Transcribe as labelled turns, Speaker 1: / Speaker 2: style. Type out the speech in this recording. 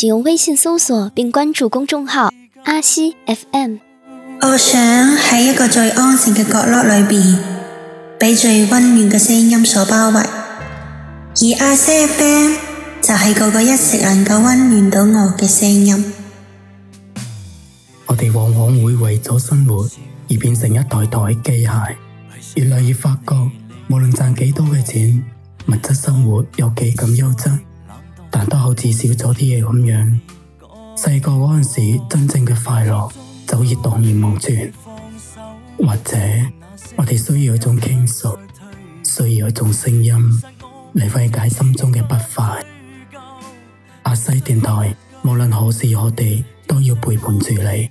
Speaker 1: 請用微信搜索並關注公眾號阿西 FM。我想喺一個最安靜嘅角落裏面，被最溫暖嘅聲音所包圍。而阿西 FM 就係嗰個一直能夠溫暖到我嘅聲音。
Speaker 2: 我哋往往會為咗生活而變成一台台機械，越嚟越發覺，無論賺幾多嘅錢，物質生活有幾咁優質。都得好似少咗啲嘢咁樣，細個嗰陣時真正嘅快樂，早已蕩然無存。或者我哋需要一種傾訴，需要一種聲音嚟化解心中嘅不快。阿西電台，無論何時何地，都要陪伴住你。